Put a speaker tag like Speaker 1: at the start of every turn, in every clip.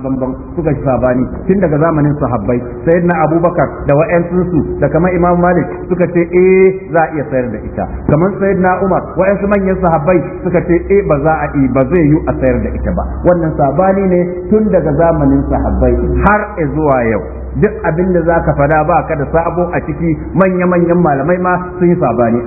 Speaker 1: bambam suka sabani tun daga zamanin sahabbai sai na abubakar da wa'yansu da kamar imam malik suka ce eh za a iya sayar da ita kamar sai na umar wa'yansu manyan sahabbai suka ce eh ba za a yi ba zai yi a sayar da ita ba wannan sabani ne tun daga zamanin sahabbai har zuwa yau duk abin da za ka fada ba ka da sabo a ciki manya-manyan malamai ma sun yi sabani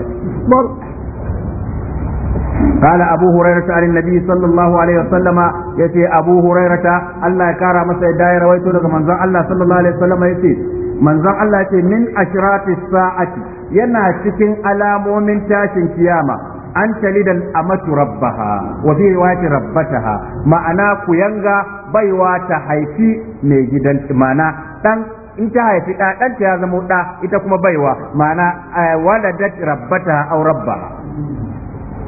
Speaker 1: قال أبو هريرة عن النبي صلى الله عليه وسلم يتي أبو هريرة الله كارا مسا دائرة ويتولك منزع الله صلى الله عليه وسلم يتي منزع الله يتي من أشراط الساعة ينا تكين ألام من تاشن كيامة an talidal amatu rabbaha wa fi riwayati rabbataha ma'ana ku yanga baiwa ta haifi mai gidan mana dan in ta haifi da dan ta ya zama da ita kuma baiwa ma'ana waladat rabbata au rabbaha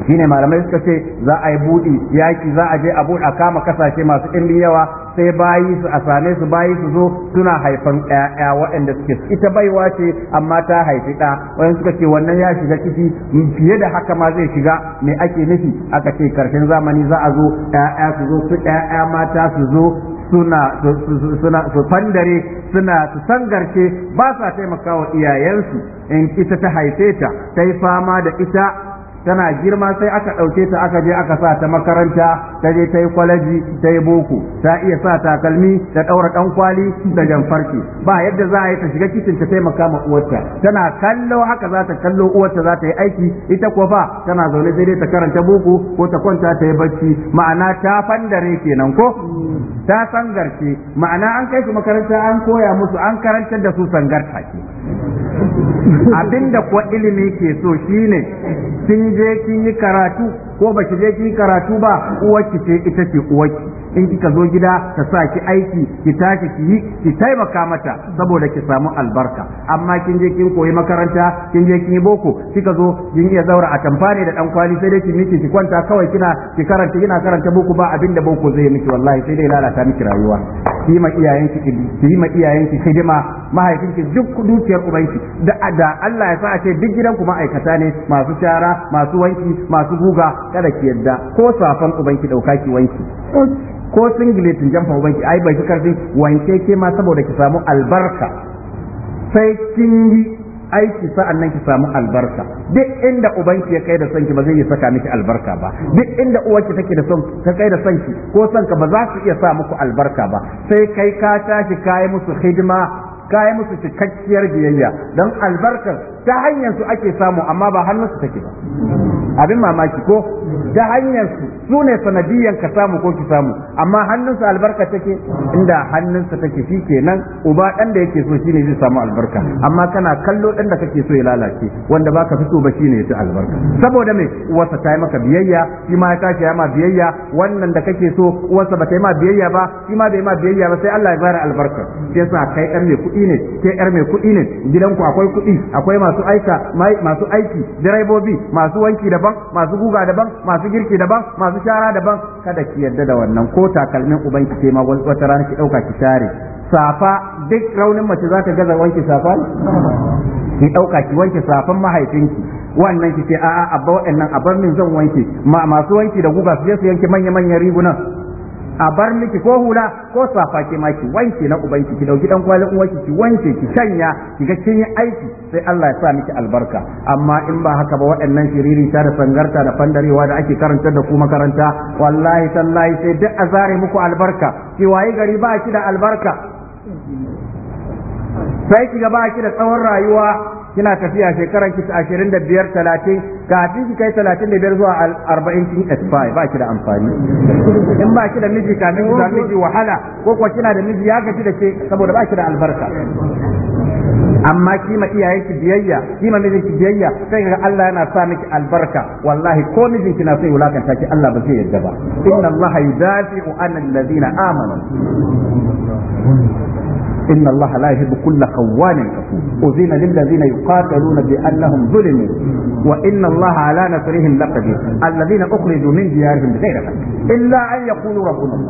Speaker 1: shine malamai suka ce za a yi buɗi yaki za a je a buɗe a kama kasashe masu ɗimbin yawa sai bayi su a same su bayi su zo suna haifan ƴaƴa waɗanda suke ita baiwa ce amma ta haifi ɗa wani suka ce wannan ya shiga ciki fiye da haka ma zai shiga me ake nufi aka ce karshen zamani za a zo ƴaƴa su zo su ƴaƴa mata su zo suna suna su fandare suna su sangarce ba sa taimakawa iyayensu in ita ta haife ta ta yi fama da ita tana girma sai aka ɗauke ta aka je aka sa ta makaranta ta je ta yi kwalaji ta yi boko ta iya sa takalmi ta ɗaura ɗan kwali da jamfarki ba yadda za a yi ta shiga kicin ta taimaka ma uwarta tana kallo haka za ta kallo uwarta za ta yi aiki ita kuwa fa tana zaune sai dai ta karanta boko ko ta kwanta ta yi bacci ma'ana ta fandare kenan ko ta sangarce ma'ana an kai su makaranta an koya musu an karantar da su sangarta ke abinda ko ilimi ke so shine kin je kin yi karatu ko ba baki je kin yi karatu ba uwarki ce ita ce uwarki in kika zo gida ka sa ki aiki ki tashi ki yi ki taimaka mata saboda ki samu albarka amma kin je kin koyi makaranta kin je kin yi boko kika zo kin iya zaura a tamfani da dan kwali sai dai ki miki ki kwanta kawai kina ki karanta kina karanta boko ba abin da boko zai miki wallahi sai dai lalata miki rayuwa ki ma iyayenki ki ma iyayenki hidima mahaifinki duk dukiyar ubanki da da Allah ya sa a ce duk gidan ku ma'aikata ne masu shara masu wanki masu guga kada ki yadda ko safan ubanki dauka ki wanki ko tun jamfa ki, ai bai karfi wanke ke ma saboda ki samu albarka sai kin yi aiki sa'an nan ki samu albarka duk inda ubanki ya kai da sanki ba zai iya saka miki albarka ba duk inda uwarki take da son ka kai da sanki ko sanka ba za su iya sa muku albarka ba sai kai ka tashi kayi musu hidima kayi musu cikakkiyar biyayya don albarkar ta hanyar su ake samu amma ba hannun su take ba abin mamaki ko ta hanyar su su ne sanadiyan ka samu ko ki samu amma hannun su albarka take inda hannun sa take shikenan uba dan da yake so shine zai samu albarka amma kana kallo dan da kake so ya lalace wanda baka fito ba shine ya albarka saboda me uwarsa ta yi maka biyayya shi ma ya tashi ya ma biyayya wannan da kake so uwarsa ba ta yi ma biyayya ba shi ma bai ma biyayya ba sai Allah ya bara albarka sai sa kai yar mai kuɗi ne kai yar mai kuɗi ne gidanku akwai kuɗi akwai masu masu aika masu aiki direbobi masu wanki daban masu guga daban masu girki daban masu shara daban kada ki yadda da wannan ko takalmin ubanki ce ma wata rana ki dauka ki share safa duk raunin mace za gaza wanke safa ki dauka ki wanke safan mahaifinki wannan ki ce a'a abba wa'annan abar min zan wanke masu wanki da guga su je su yanke manya manyan rigunan a bar miki ko hula ko safa ke ma ki wanke na ubanki ki dauki dan kwalin uwanki ki wanke ki sanya ki ga kin yi aiki sai Allah ya sa miki albarka amma in ba haka ba waɗannan shiriri ta da sangarta da fandarewa da ake karanta da ku makaranta wallahi tallahi sai duk a zare muku albarka ki waye gari ba ki da albarka sai ki ga ba ki da tsawon rayuwa kina tafiya shekaran ki biyar talatin, kafin ki kai biyar zuwa 40 kin expire ba ki da amfani in ba ki da miji kafin ki miji wahala ko kuwa kina da miji ya gaji da ke saboda ba ki da albarka amma kima iyayen ki biyayya kima mijin ki biyayya sai ga Allah yana sa miki albarka wallahi ko mijin ki na sai wulakanta ki Allah ba zai yarda ba inna Allah yudafi'u an alladhina amanu إن الله لا يهب كل خوان كفور أذن للذين يقاتلون بأنهم ظلموا وإن الله على نصرهم لقدير الذين أخرجوا من ديارهم بغير حق إلا أن يقولوا ربنا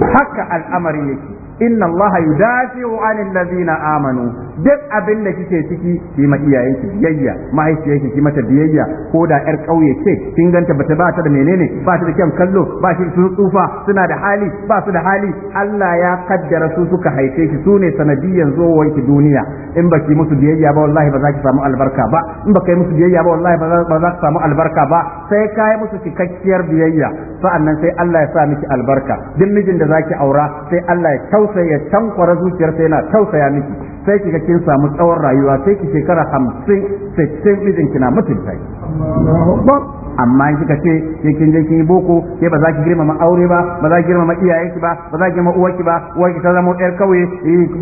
Speaker 1: حق الأمر لك إن الله يدافع عن الذين آمنوا duk abin da kike ciki ki ma iyayenki biyayya mahaifiyarki ki mata biyayya ko da yar kauye ce kin ganta bata ba ta da menene ba ta da kyan kallo ba shi sun tsufa suna da hali ba su da hali Allah ya kaddara su suka haife ki su ne sanadiyan zuwanki duniya in baki musu biyayya ba wallahi ba za ki samu albarka ba in baka musu biyayya ba wallahi ba za ki samu albarka ba sai kaya musu cikakkiyar biyayya sa'annan sai Allah ya sa miki albarka duk mijin da zaki aura sai Allah ya tausaya tankwara zuciyar sai yana tausaya miki sai kika. kin samu tsawon rayuwa sai ki shekara hamsin sittin ki na mutunta amma in kika ce ke kin je kin boko ke ba za ki girmama aure ba ba za ki girmama iyayenki ba ba za ki girmama uwarki ba uwarki ta zama yar kauye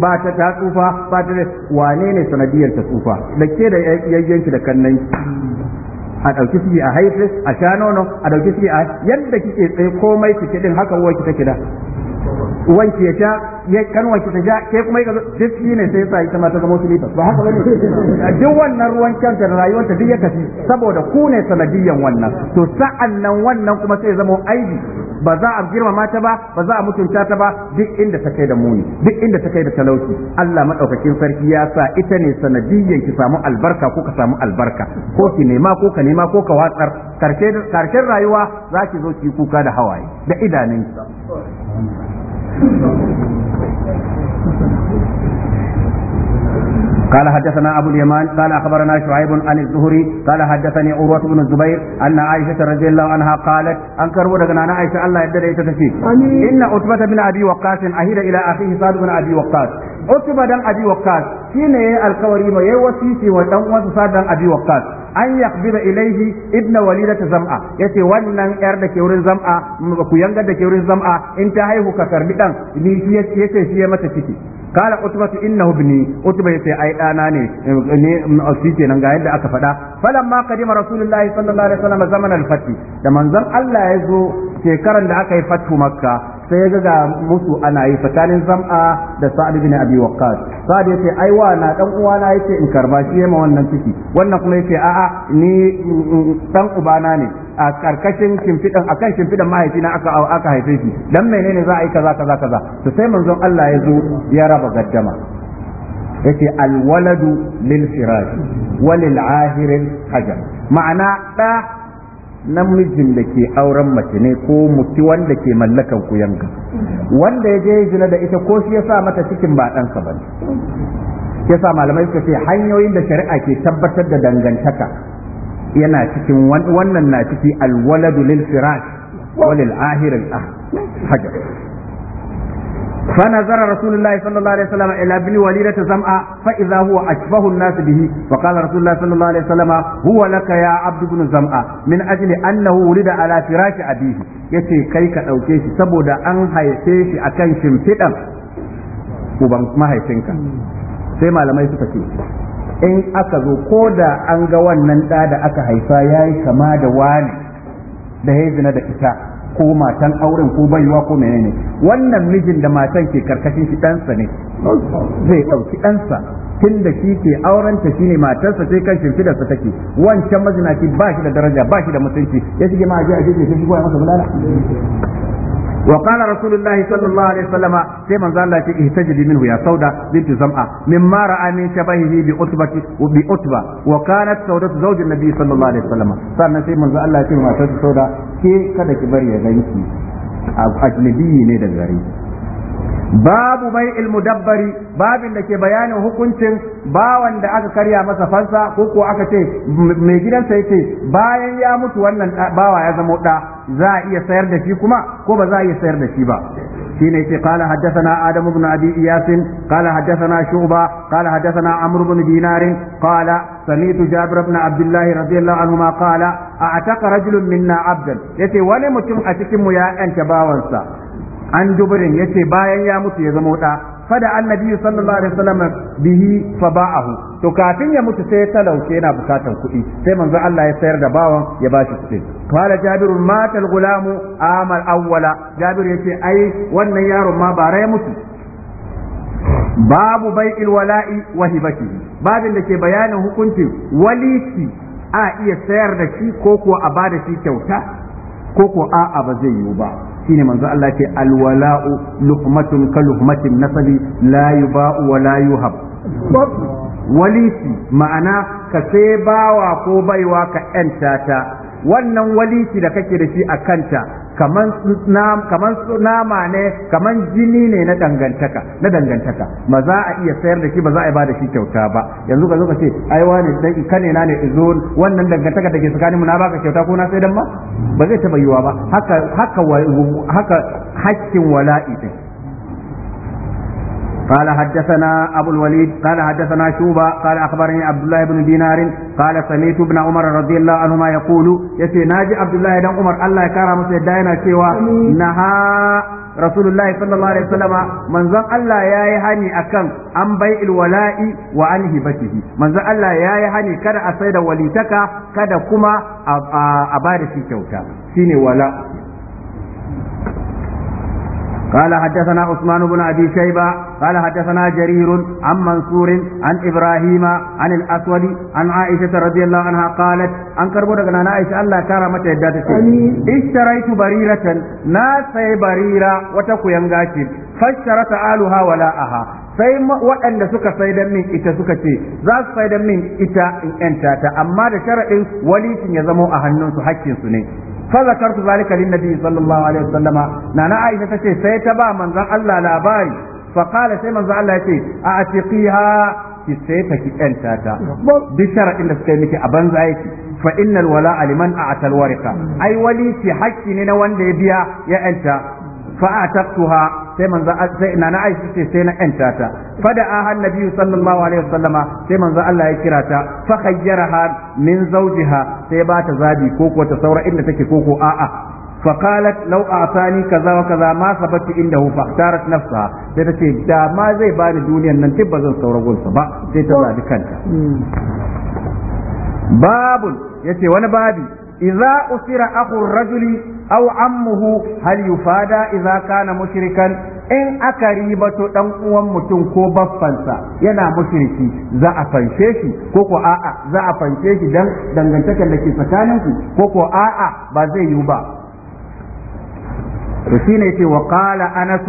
Speaker 1: ba ta ta tsufa ba ta wane ne sanadiyar ta tsufa da ke da yayyanki da kannanki a ɗauki ciki a haifis a sha nono a ɗauki ciki a yadda kike tsaye komai kike din haka uwarki take da wanki ya sha ya wanki ta sha ke kuma duk shi ne sai sa ita ma ta zama musulmi ba haka bane duk wannan ruwan kanta da rayuwarta duk ya kashi saboda ku ne sanadiyan wannan to sa'an nan wannan kuma sai zama aibi ba za a girmama ta ba ba za a mutunta ta ba duk inda ta kai da muni duk inda ta kai da talauci Allah madaukakin sarki ya sa ita ne sanadiyyan ki samu albarka ko ka samu albarka ko ki nema ko ka nema ko ka watsar karshen rayuwa za ki zo ki kuka da hawaye da idanunsa. قال حدثنا ابو اليمان قال اخبرنا شعيب عن الزهري قال حدثني عروه بن الزبير ان عائشه رضي الله عنها قالت انكر ودغنا انا عائشه الله يدري تتشي ان عتبه بن ابي وقاص اهير الى اخيه سعد بن ابي وقاص عتبه بن ابي وقاص shine yayi alkawari ma yayi wasiti wa dan uwansa sadan abi waqqas an yaqbida ilaihi ibna walidat zam'a yace wannan yar da ke wurin zam'a ku yanga da ke wurin zam'a in ta haihu ka karbi dan ni shi yace shi ya mata ciki kala utbatu innahu ibni utba yace ai dana ne ne shi kenan ga yadda aka faɗa falamma qadima rasulullahi sallallahu alaihi wasallam zaman alfati, da manzon Allah ya zo shekaran da aka yi fatu makka sai ya ga musu ana yi tsakanin zam'a da sa'ad bin abi waqqas sa'ad yace ai wa na dan uwa na yace in karba shi ma wannan ciki wannan kuma yace a'a ni dan ubana ne a karkashin kimfidan akan shimfidan mahaifina aka aka haife shi dan menene za a yi kaza kaza kaza to sai manzon Allah ya zo ya raba gaddama yace waladu lil firash walil ahir hajar ma'ana da namijin da ke auren mace ne ko mutu wanda ke mallakan yanka wanda ya je zina da ita ko shi ya sa mata cikin ba ɗansa ba ya sa malamai suka ce hanyoyin da shari'a ke tabbatar da dangantaka yana cikin wannan na ciki alwaladu lil firash walil ahir al hajar فنظر رسول الله صلى الله عليه وسلم إلى ابن وليدة زمأ فإذا هو أشبه الناس به فقال رسول الله صلى الله عليه وسلم هو لك يا عبد بن زمأ من أجل أنه ولد على فراش أبيه يتي كيك أو كيش سبودا أن هيتيش أكن شمفتا وبن ما هيتنك سيما لما يسكتي in aka zo ko da an ga wannan ɗa da aka haifa ya yi kama da wani zina da ita ko matan auren ko baiwa ko menene wannan mijin da matan ke karkashin shi ɗansa ne zai ɗauki ɗansa tun da shi ke aurenta shi ne matarsa sai kan shimfidarsa take wancan mazinaci ba shi da daraja ba shi da mutunci ya shige ma aje aje sai shi goya masa bulala وقال رسول الله صلى الله عليه وسلم سيما زال لك اهتجدي منه يا سودة بنت زمعة مما رأى من شبهه بأتبة بأتبة وكانت سودة زوج النبي صلى الله عليه وسلم سألنا سيما زال لك ما سودة كي كدك بريا غيرك أجنبي نيدا غريب babu mai ilmudabbari babin da ke bayanin hukuncin bawan da aka karya masa fansa ko ko aka ce mai gidansa ce, bayan ya mutu wannan bawa ya zama da za a iya sayar da shi kuma ko ba za a iya sayar da shi ba حين قال حدثنا آدم بن أبي إياس قال حدثنا شعبة قال حدثنا عمرو بن دينار قال سمعت جابر بن عبد الله رضي الله عنهما قال أعتق رجل منا عبدا يتي ولم تم أتكم يا أنت باونسا an jubirin ce bayan ya mutu ya zama wuta fada annabi sallallahu alaihi wasallam bihi fa ba'ahu to kafin ya mutu sai ya talauce yana bukatan kuɗi sai manzo Allah ya sayar da bawan ya bashi kuɗi qala jabir mata al-gulamu amal awwala jabir yace ai wannan yaron ma bara ya mutu babu bai'il wala'i wa hibatihi babin da ke bayanin hukuncin walisi a iya sayar da shi ko kuwa a bada shi kyauta ko kuwa a'a ba zai yiwu ba shine manzo Allah ke alwala'u luhmatun ka luhmatin nasabi la yuba'u wa la yuhab walisi ma'ana ka sai bawa ko baiwa ka yanta ta wannan walici da kake da shi a kanta kaman nama ne kaman jini ne na dangantaka na dangantaka ba za a iya sayar da shi ba za a ba da shi kyauta ba yanzu ka zo ka ce ai wani dan na ne izo wannan dangantaka da ke tsakaninmu na baka kyauta ko na sai dan ma ba zai taba yiwa ba haka haka haka hakkin wala'i din قال حدثنا أبو الوليد قال حدثنا شوبة قال أخبرني عبد الله بن دينار قال سمعت ابن عمر رضي الله عنهما يقول يسي ناجي عبد الله بن عمر الله كرم سيدنا سوى نهى رسول الله صلى الله عليه وسلم من زن الله يا يهني أكن عن بيع الولاء وعن هبته من زن الله يا يهني كذا أسيد وليتك كذا كما أبارك كوتا شيني ولاء قال حدثنا عثمان بن ابي شيبه قال حدثنا جرير عن منصور عن ابراهيم an الاسود عن عائشه رضي الله عنها قالت an karbo daga nana Aisha Allah ya kara mata yadda take ishtaraitu bariratan na sai barira wata kuyanga ce fasharata aluha wala'aha sai waɗanda suka saidan min ita suka ce za su saidan min ita in yanta amma da sharaɗin walitin ya zamo a hannunsu hakkinsu ne fa zakartu zalika lin nabi sallallahu alaihi wasallama nana aisha tace sai ta ba manzon Allah labari fa qala sai manzon Allah yace a atiqiha ki sai ta ki yanta ta bi da suka yi miki a banza yake fa innal wala liman a warika ai wali ki hakki ne na wanda ya biya ya yanta Fa'a sai manzo sai nana Aisha ce sai na yanta ta fada ahan nabiyyu sallallahu alaihi wasallama sai manzo Allah ya kira ta fa khayyaraha min zawjiha sai ba ta zabi ko ta saura inda take ko ko a'a fa qalat law a'tani kaza wa kaza ma sabatu indahu fa ikhtarat nafsaha sai ta ce da zai bani duniyar nan tibba zan saura gonsa ba sai ta zabi kanta babun yace wani babi 'Iza usira akhu rajuli aw ammuhu hal yufada idza kana mushrikan in aka ribato dan uwan mutum ko baffansa yana mushriki za a fanshe shi ko ko a'a za a fanshe shi dan dangantakar da ke tsakaninku ko ko a'a ba zai yiwu ba to shine yace wa qala anas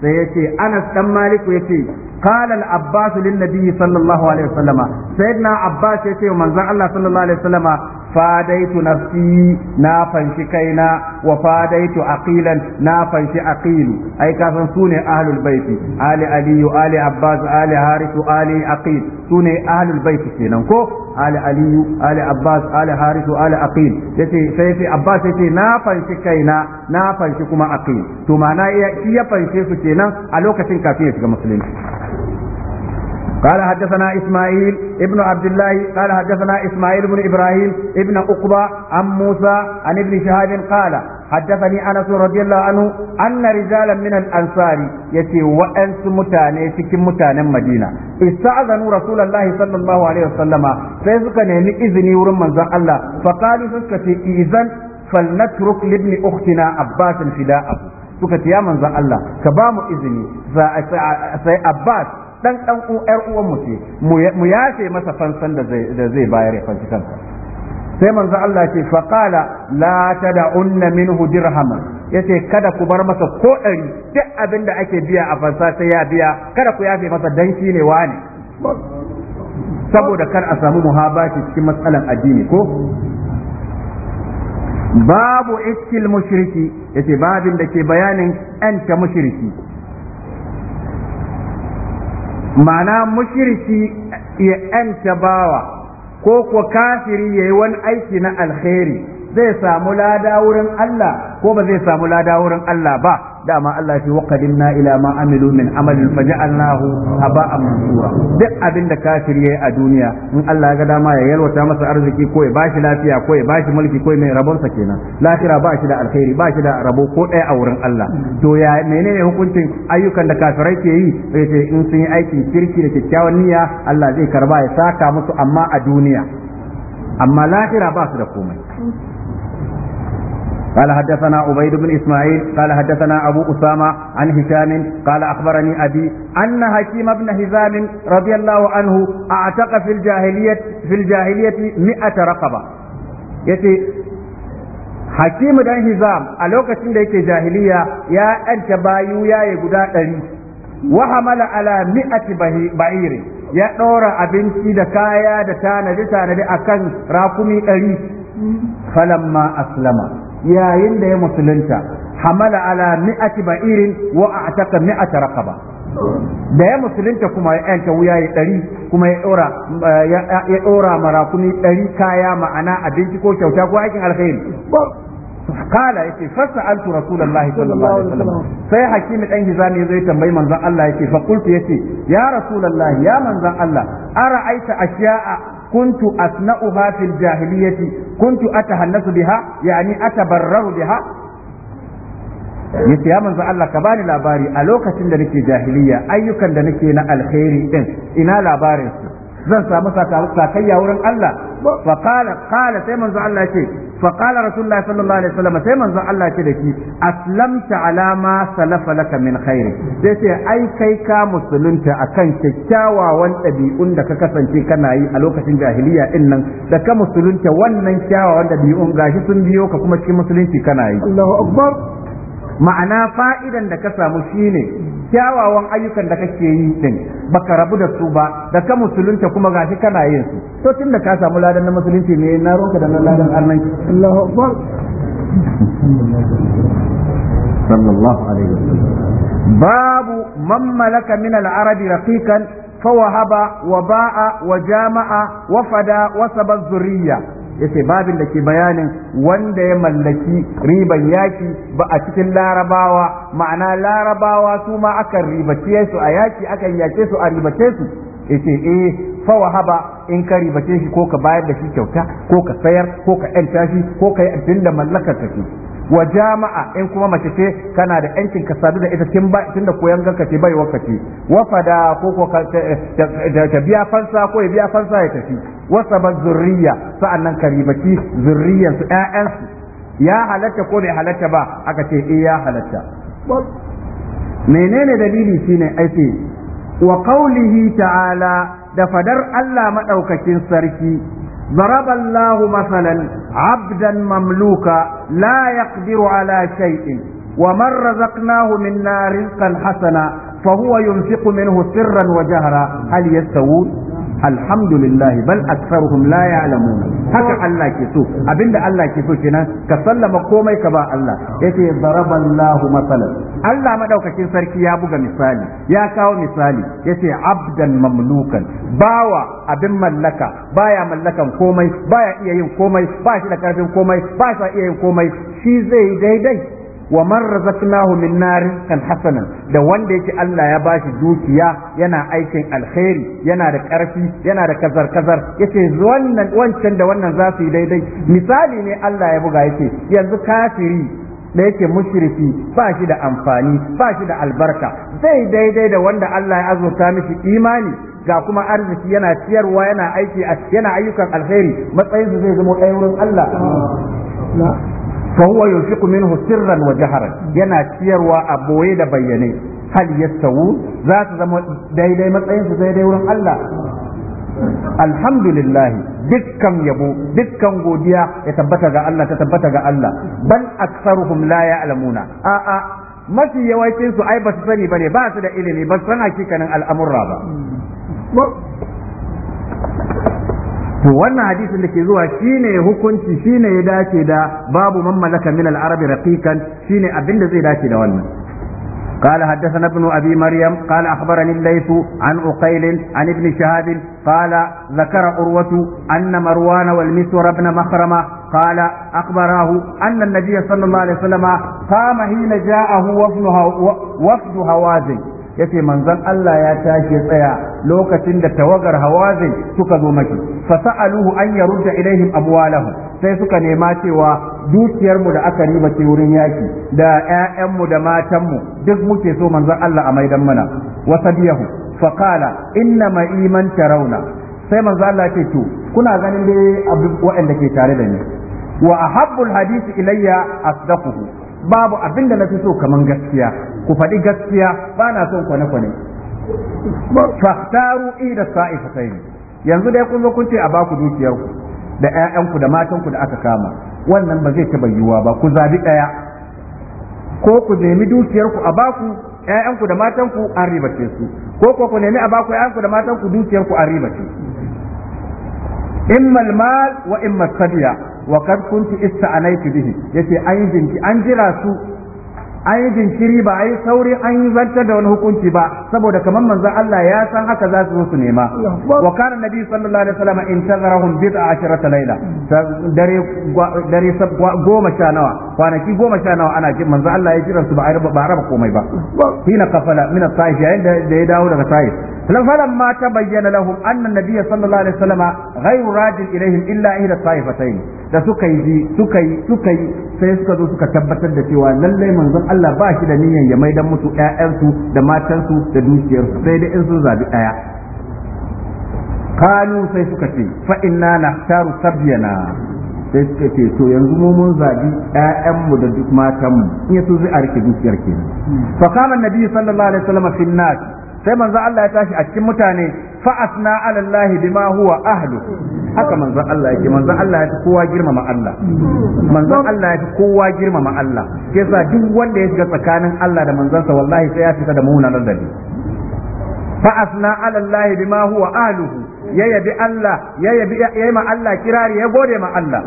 Speaker 1: sai yace anas dan maliku yace قال العباس للنبي صلى الله عليه وسلم سيدنا عباس يتي ومن الله صلى الله عليه وسلم fadaitu nafsi na fanshi kaina wa fadaitu aqilan na fanshi aqilu ai ka san sune ahlul baiti ali ali ali abbas ali harith ali aqil sune ahlul baiti kenan ko ali ali ali abbas ali harith ali aqil yace sai sai abbas yace na fanshi kaina na fanshi kuma aqil to ma'ana shi ya fanshe su kenan a lokacin kafin ya shiga musulunci قال حدثنا إسماعيل ابن عبد الله قال حدثنا إسماعيل بن إبراهيم ابن أقبة عن موسى عن ابن شهاب قال حدثني أنس رضي الله عنه أن رجالا من الأنصار يتي وأنس متانة في متانة مدينة استأذنوا رسول الله صلى الله عليه وسلم فيزك نهني إذني ورمان الله فقالوا سكتي إذن فلنترك لابن أختنا عباس فداءه suka ce ya manzon Allah ka ba mu izini sai Abbas dan dan ƴar uwan mu ce mu yafe masa fansan da zai da zai bayar ya fanci kansa sai manzo Allah ce fa qala la tad'unna minhu dirhaman yace kada ku bar masa ko ɗari duk abin da ake biya a fansa sai ya biya kada ku yafe masa dan shi ne wani saboda kar a samu muhabati cikin matsalan addini ko babu iskil mushriki yace babin da ke bayanin anta mushriki ma'ana mushriki ya ‘yanta bawa ko kuwa kafiri ya yi wani aiki na alkhairi zai samu lada wurin Allah ko ba zai samu lada wurin Allah ba dama Allah shi waqadimna ila ma amilu min amalin faja'alnahu haba'an amsura duk abin da kafir yayi a duniya in Allah ya ga dama ya yalwata masa arziki ko ya bashi lafiya ko ya bashi mulki ko mai rabonsa kenan lafira ba shi da alkhairi ba shi da rabo ko ɗaya a wurin Allah to ya menene hukuncin ayyukan da kafirai ke yi yace in sun yi aikin kirki da kyakkyawan niyya Allah zai karba ya saka musu amma a duniya amma lafira ba su da komai قال حدثنا عبيد بن اسماعيل قال حدثنا ابو اسامه عن هشام قال اخبرني ابي ان حكيم بن هزام رضي الله عنه اعتق في الجاهليه في الجاهليه 100 رقبه yace حكيم dan hizam a lokacin da yake jahiliya ya yanke bayu guda ɗari wa hamala ala mi'ati ba'iri ya ɗora abinci da kaya da tanadi tanadi kan rakumi ɗari falamma aslama yayin da ya musulunta hamala ala mi'ati ba'irin wa a'taka mi'ata raqaba da ya musulunta kuma ya wuya ya ɗari kuma ya ɗora ya ɗora marakuni ɗari kaya ma'ana abinci ko kyauta ko aikin alkhairi kala yake fasa رسول الله sallallahu alaihi sai hakimi dan hizami zai tambayi manzon Allah yake fa qultu ya rasulullah ya manzon Allah ara'aita ashiya'a كنت أصنعها في الجاهلية كنت أتهنس بها يعني أتبرر بها yace ya manzo Allah ka bani labari a lokacin da nake jahiliya ayyukan da nake na alkhairi din ina labarin su zan samu sakayya wurin Allah fa qala qala sai manzo Allah yace فقال رسول الله صلى الله عليه وسلم sai manzo Allah ke da shi aslamta ala ma salafa laka min khairi sai ce ai kai ka musulunta a akan kyakkyawan ɗabi'un da ka kasance kana yi a lokacin jahiliya din nan da ka musulunta wannan kyawawan ɗabi'un gashi sun biyo ka kuma cikin musulunci kana yi ma'ana fa'idan da ka samu shine kyawawan ayyukan da kake yi din baka rabu da su ba da ka musulunta kuma shi kana yin su to da ka samu ladan na musulunci ne na ronka da nan ladan arnanci Allahu akbar
Speaker 2: sallallahu alaihi wasallam
Speaker 1: babu man malaka min al-arabi raqiqan jama'a, wa fada, وفدى وسب الذريه yace babin da ke bayanin wanda ya mallaki riban yaki ba a cikin larabawa ma'ana larabawa su ma akan ribace su a yaki akan yake su a ribace su yace eh fa wahaba in ka ribace shi ko ka bayar da shi kyauta ko ka sayar ko ka yanta shi ko ka yi abin da mallakar ka wa jama'a in kuma mace ce kana da yancin ka sadu da ita tun ba tun da koyan ganka ce bai wakaci wa fada ko ko ta biya fansa ko ya biya fansa ya tafi wa sabab zurriya sa'annan ka ribaci zurriyan su ya halatta ko bai halatta ba aka ce eh ya halatta menene dalili shine aiki wa qaulihi ta'ala da fadar Allah madaukakin sarki ضرب الله مثلا عبدا مملوكا لا يقدر على شيء ومن رزقناه منا رزقا حسنا فهو ينفق منه سرا وجهرا هل يستوون Alhamdu alhamdulillah bal aktsaruhum la ya'lamun haka Allah ke so abinda Allah ke so kenan ka sallama komai ka ba Allah yace daraballahu matsalar. Allah maɗaukakin sarki ya buga misali ya kawo misali ya ce abdan mamlukan bawa abin mallaka baya mallakan komai baya iya yin komai ba da karfin komai ba sa iya komai shi zai yi daidai wa man razaqnahu min narikan hasanan da wanda yake Allah ya bashi dukiya yana aikin alkhairi yana da karfi yana da kazar kazar yace wannan wancan da wannan za su yi daidai misali ne Allah ya buga yace yanzu kafiri da yake mushriki ba shi da amfani ba shi da albarka zai daidai da wanda Allah ya azurta mishi imani ga kuma arziki yana ciyarwa yana aiki yana ayyukan alheri matsayin su zai zama ɗaya wurin Allah fa huwa yunfiqu minhu sirran wa yana ciyarwa a boye da bayyane hal yastawu za su zama daidai matsayin su daidai wurin Allah alhamdulillah dukkan yabo dukkan godiya ya tabbata ga Allah ta tabbata ga Allah ban aksar la ya'lamuna a a mafi yawancin su ai ba su sani bane ba su da ilimi ba su san hakikanin al'amurra ba to wannan hadisin da ke zuwa shine hukunci shine ya dace da babu man malaka min al-arabi raqiqan shine abinda zai dace da wannan قال حدثنا ابن ابي مريم قال اخبرني الليث عن عقيل عن ابن شهاب قال ذكر عروه ان مروان والمسور بن مخرمه قال اخبراه ان النبي صلى الله عليه وسلم قام حين جاءه وفد هوازن Ya ce manzon Allah ya tashi tsaya lokacin da tawagar hawazin suka zo maki sa'aluhu an yarudda ilaihim walahu, sai suka nema cewa mu da aka riba ce wurin yaki da mu da matan mu duk muke so manzon Allah a maidan mana wa sabiyahu qala inna ma iman tarawna sai manzon Allah ce to kuna ganin dai waɗanda ke tare da ni wa ahabbul hadisi ilayya asdaquhu babu abin da na fi so kaman gaskiya ku faɗi gaskiya ba na son kwane-kwane fahtaru ida ne. yanzu dai kun zo kun ce a ku dukiyar ku da ku da matanku da aka kama wannan ba zai taɓa yiwuwa ba ku zabi ɗaya ko ku nemi dukiyar ku a baku ku da matanku an ribace su ko ko ku nemi a baku ku da matanku dukiyar ku an ribace imma In mal wa in sadiya wa kad kunti ista'anaitu bihi yace an jinki an jira su an yi jinkiri ba a yi sauri an yi zartar da wani hukunci ba saboda kamar manzo Allah ya san haka za su zo su nema wa kana nabi sallallahu alaihi wasallam intazarahum bi asharata laila dare dare goma sha nawa kwanaki goma sha nawa ana jin manzo Allah ya jira su ba a raba komai ba hina kafala min as-sa'ih yayin da ya dawo daga sa'ih فلما تبين لهم أن النبي صلى الله عليه وسلم غير راج إليهم إلا إحدى الطائفتين da suka yi ji suka yi suka yi sai suka zo suka tabbatar da cewa lalle manzon Allah ba shi da niyyar ya maidan musu ƴaƴansu da matansu da dukiyarsu sai dai in sun zabi ɗaya kanu sai suka ce fa inna nahtaru sabyana sai suka ce to yanzu mu mun zabi ƴaƴanmu da duk matanmu in yaso zai a rike dukiyar kenan fa kama annabi sallallahu alaihi wasallam fi nas sai manzo Allah ya tashi a cikin mutane fa asna ala Allah bima huwa ahlu haka manzo Allah yake manzo Allah ya fi kowa girmama Allah manzo Allah ya fi kowa girmama Allah Ke sa duk wanda ya shiga tsakanin Allah da manzansa wallahi sai ya fita da munanan dali fa asna ala Allah bima huwa ahluhu ya yabi Allah ya yabi ya ma Allah kirari ya gode ma Allah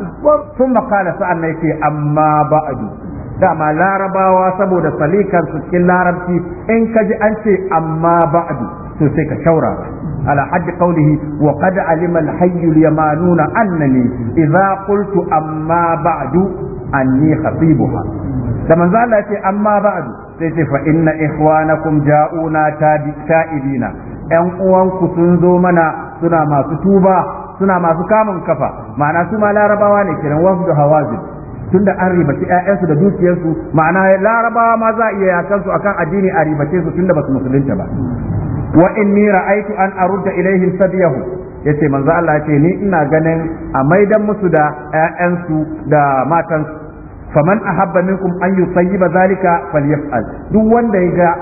Speaker 1: sun makala sa'an na yake amma ba'adu dama larabawa saboda salikar su cikin larabci in ka ji an ce amma ba'du to sai ka shaura على حد قوله وقد علم الحي اليمانون أنني إذا قلت أما بعد أني خطيبها لما زال أما بعد فإن إخوانكم جاءونا تائبين ‘yan uwanku sun zo mana suna masu tuba suna masu kamun kafa ma'ana su larabawa ne kiran wasu da tunda an ribaci ƴaƴansu da dukiyarsu ma'ana larabawa ma za a iya yakan su akan addini a ribace su tunda basu musulunta ba wa inni ra'aitu an arudda ilaihim sadiyahu yace manzo Allah yace ni ina ganin a maidan musu da ƴaƴansu da matansu faman ahabba minkum an yusayyiba zalika falyaf'al duk wanda ya ga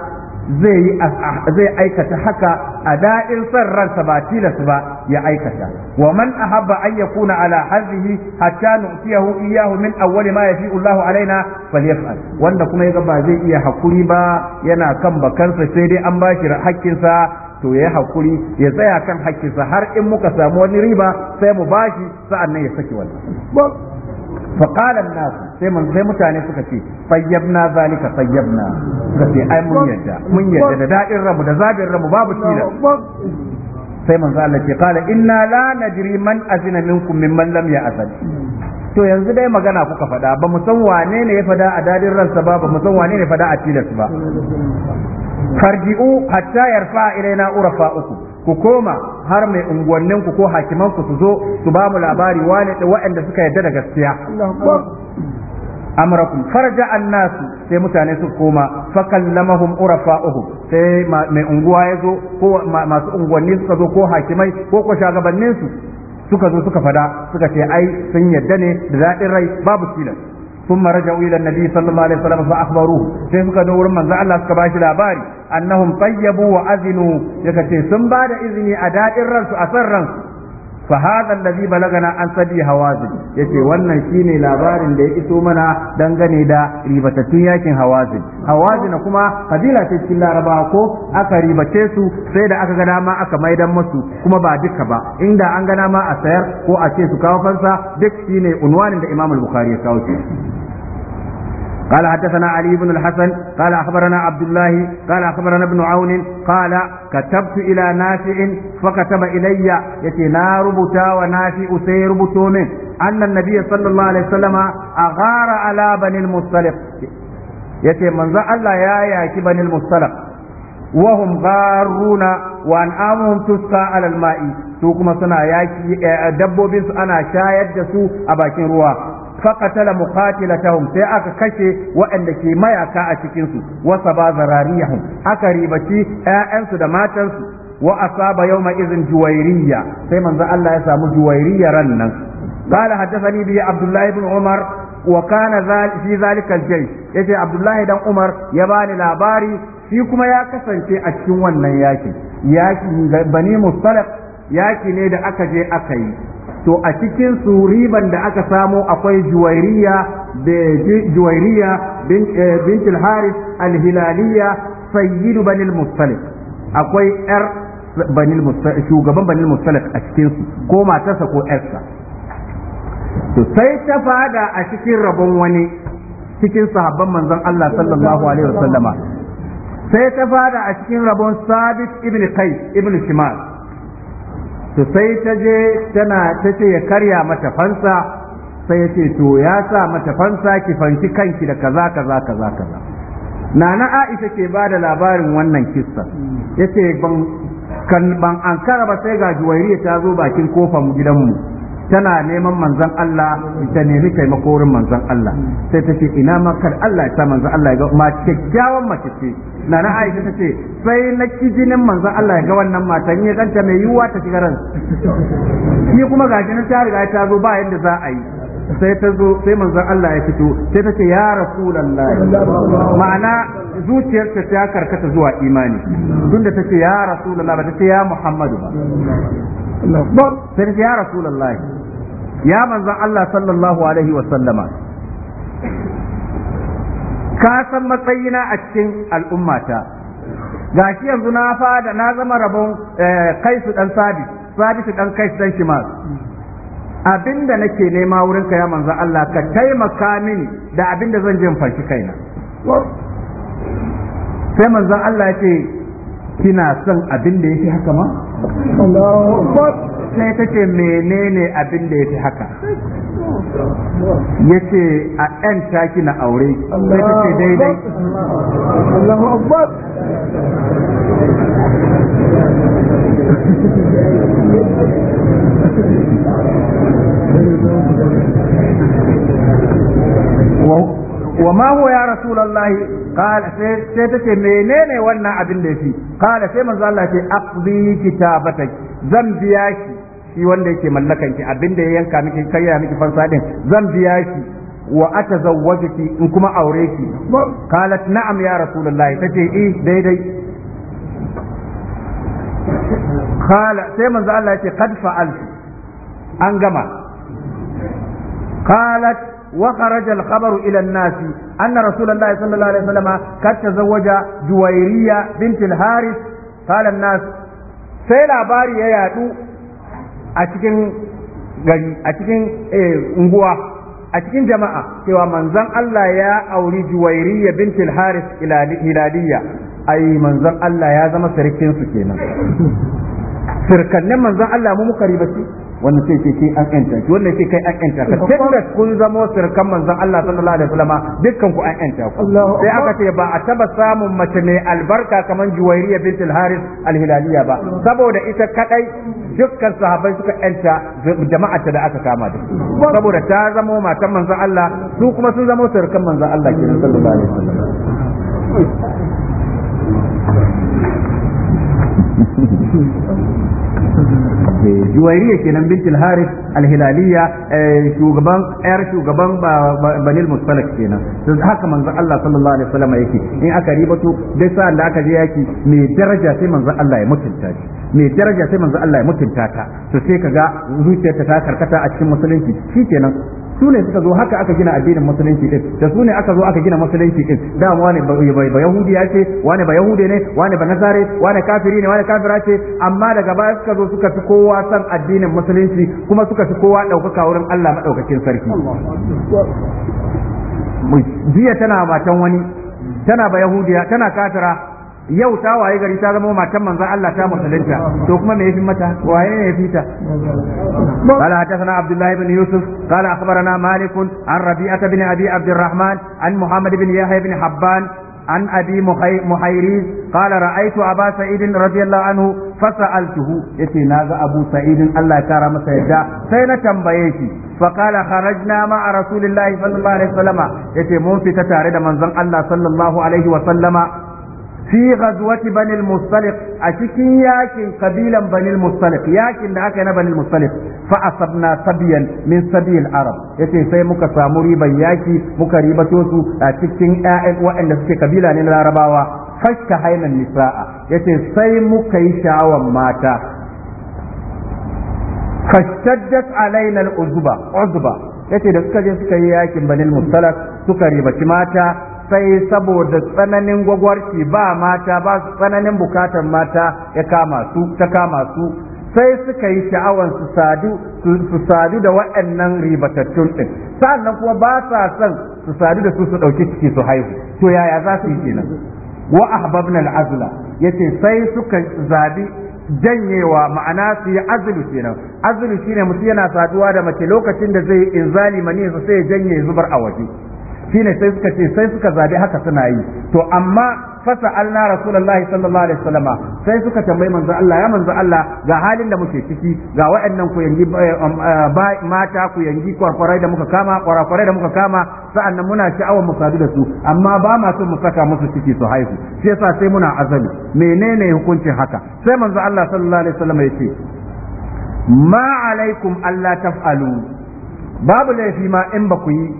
Speaker 1: zai yi ah, zai aikata haka a da'in san ransa ba tilas ba ya aikata wa man ahabba an yakuna ala hazihi hatta nu'tiyahu iyyahu min awwali ma yafi'u Allahu alaina falyaf'al wanda kuma yaga ba zai iya hakuri ba yana kan bakansa sai dai an bashi hakkin sa to ya hakuri ya tsaya kan hakkin sa har in muka samu wani riba sai mu bashi sa'annan ya saki wannan فقال الناس sai mun sai mutane suka ce fayyabna zalika fayyabna, suka ce ai mun yadda mun yadda da da'in ramu da zabin ramu babu tilas. sai manzo Allah ce qala inna la najri man azina minkum mimman lam ya'zal to yanzu dai magana kuka faɗa ba mu san wane ne ya faɗa a dadin ransa ba ba mu san wane ne faɗa a tilas ba farji'u hatta yarfa ilaina urafa'ukum ku koma har mai unguwannin ku ko hakiman ku su zo su ba mu labari wane da waɗanda suka yadda da gaskiya amrakum farja annasu sai mutane su koma fa kallamahum urafa'uhum sai mai unguwa ya zo ko masu unguwanni suka zo ko hakimai ko ko shagabannin su suka zo suka fada suka ce ai sun yadda ne da daɗin rai babu tilas ثم رجعوا الى النبي صلى الله عليه وسلم فاخبروه sai suka zo wurin manzo Allah suka bashi labari annahun tayyabu wa azinu yaka ce sun bada izini a daɗin ransu a san ransu fa hadha alladhi balagana an sadi hawazin yace wannan shine labarin da ya iso mana dangane da ribatattun yakin hawazin hawazin kuma kabila ce cikin larabawa ko aka ribace su sai da aka ga dama aka maidan musu kuma ba duka ba inda an ga dama a sayar ko a ce su kawo fansa duk shine unwanin da Imamul bukhari ya kawo قال حدثنا علي بن الحسن قال أخبرنا عبد الله قال أخبرنا ابن عون قال كتبت إلى نافع فكتب إلي يتي ناربتا ونافع سيربت منه أن النبي صلى الله عليه وسلم أغار على بني المصطلق يتي من الله يا يا بني المصطلق وهم غارون وأنعامهم تسقى على الماء su kuma suna yaki dabbobinsu ana shayar da su a bakin ruwa faqatala muqatilatahum sai aka kashe waɗanda ke mayaka a cikin su wa saba zarariyahum aka ribaci ƴaƴansu da matansu wa yau mai izin juwairiya sai manzo Allah ya samu juwairiya ran nan قال حدثني به عبد Umar بن عمر وكان في ذلك الجيش يجي عبد الله بن عمر يباني لاباري shi kuma ya kasance a cikin wannan yaki yaki bani mustalaq yaki ne da aka je aka yi to a cikin su riban da aka samo akwai juwairiya juwairiya eh, bint al-haris al-hilaliya sayyidu banil mustalik akwai yar banil mustalik shugaban banil mustalik a cikin su ko matarsa ko yarsa to sai ta fada a cikin rabon wani cikin sahabban manzon Allah sallallahu alaihi wasallama sai ta fada a cikin rabon sabit ibn qais ibn shimal to sai ta je tana ta ce ya karya mata fansa sai ya ce to ya sa mata fansa ki fanki kanki da kaza kaza kaza kaza nana Aisha ke ba da labarin wannan kissa yace ban ban ankara ba sai ga juwairiya ta zo bakin kofar gidanmu tana neman manzan Allah ta nemi taimako wurin manzan Allah sai ta ce ina ma kar Allah ya sa manzan Allah ya ga ma kyakkyawan mace ce na na Aisha ta ce sai na kijinin manzan Allah ya ga wannan matan ya ganta mai yiwuwa ta shiga ran ni kuma gashi na ta riga ta zo ba yadda za a yi sai ta zo sai manzan Allah ya fito sai ta ce ya rasulullah ma'ana zuciyarta ta karkata zuwa imani tunda ta ce ya rasulullah ba ta ce ya muhammadu ba sai ya rasulullahi ya manzon Allah sallallahu alaihi wa ka san matsayina a cikin al'ummata gashi yanzu na fada na zama rabon eh, kaisu dan sabi su dan kaisu dan shimas abinda nake nema wurin ka ya manzon Allah ka taimaka mini da abinda zan je fanshi kaina sai manzo Allah ya ce kina son abinda yake haka ma sai ta ce menene abin da ya fi haka ya ce a ɗan taki na aure sai ta ce daidai Allahu wa ma huwa ya rasulullahi qala sai tace menene wannan abin da yake qala sai manzo Allah ce aqdi kitabatak zan biya shi shi wanda yake mallakan ki abin da ya yanka miki ya miki fansa din zan biya shi wa atazawwajuki in kuma aure ki qalat na'am ya rasulullahi tace eh daidai qala sai manzo Allah yake qad fa'al an gama qalat وخرج الخبر إلى الناس أن رسول الله صلى الله عليه وسلم قد تزوج جويرية بنت الحارث قال الناس sai labari ya yaɗu a cikin gari a cikin unguwa a cikin jama'a cewa manzon Allah ya auri juwairiyya bintul haris hilaliyya ai manzon Allah ya zama sarkin kenan firkannin manzon Allah mu muka ribaci wannan sai ce kai an yanta ki wannan sai kai an yanta ka tunda kun zama sirkan manzon Allah sallallahu alaihi wasallam dukkan ku an yanta ku sai aka ce ba a taba samun mace mai albarka kaman Juwairiya bint al-Haris al-Hilaliya ba saboda ita kadai dukkan sahabbai suka yanta jama'ar da aka kama da saboda ta zama matan manzon Allah su kuma sun zama sirkan manzon Allah kenan sallallahu alaihi wasallam Eh, juwairiya kenan bintil haris alhilaliya eh, shugaban yar shugaban banil musfalak kenan to haka manzo Allah sallallahu alaihi wasallam yake in aka ribato dai sa'an da aka je yaki mai daraja sai manzo Allah ya mutunta shi mai daraja sai manzo Allah ya mutunta ta to sai kaga zuciyarta ta karkata a cikin musulunci shikenan su suka zo haka aka gina addinin musulunci din da su ne aka zo aka gina musulunci din da wani ba yahudiya ce wani ba yahudi ne wani ba nazare wani kafiri ne wani kafira ce amma daga baya suka zo suka fi kowa san addinin musulunci kuma suka fi kowa ɗaukaka wurin Allah maɗaukakin sarki jiya tana matan wani tana ba yahudiya tana kafira yau ta waye gari ta zama matan manzon Allah ta musulunta to kuma me yafi mata waye ne yafi ta qala hadathana abdullah ibn yusuf qala akhbarana malik an rabi'ah ibn abi abdurrahman an muhammad ibn yahya ibn habban an abi muhayriz qala ra'aytu aba sa'id radiyallahu anhu fasa'altuh yace naga abu sa'id Allah ya kara masa yadda sai na tambaye shi فقال خرجنا مع رسول الله صلى الله عليه وسلم يتي مون في تتاري دا منزل الله صلى الله عليه وسلم fi ghazwati bani al-mustaliq a cikin yakin kabilan bani al-mustaliq yakin da aka yi na bani al-mustaliq fa asabna sabiyan min sabil arab yace sai muka samu riban yaki muka ribato su a cikin ƴaƴan waɗanda suke kabila ne na larabawa fashka hainan nisa'a yace sai muka yi sha'awan mata fashtajjat alaina al-uzba uzba yace da suka je suka yi yakin bani al-mustaliq suka ribaci mata sai saboda tsananin gwagwarci ba mata ba su tsananin bukatan mata ya kama su ta kama su sai suka yi sha'awar su sadu su sadu da waɗannan ribatattun din sannan kuma ba sa son su sadu da su su ɗauki ciki su haihu to yaya za su yi kenan wa ahbabna al'azla yace sai suka zabi janyewa ma'ana su yi azulu kenan azulu shine mutum yana saduwa da mace lokacin da zai inzali mani sai ya janye zubar a waje shine sai suka ce sai suka zabi haka suna yi to amma fasa'alna rasulullahi sallallahu alaihi wasallama sai suka tambayi manzon Allah ya manzon Allah ga halin da muke ciki ga waɗannan ku yangi eh, um, eh, mata ku yangi kwarkwarai da muka kama kwarkwarai da muka kama sa'annan muna sha'awar mu sadu da su amma ba ma son mu saka musu ciki su haihu shi yasa sai muna azami menene hukuncin haka sai manzon Allah sallallahu alaihi wasallama yace ma alaikum alla taf'alu babu laifi ma in ba ku yi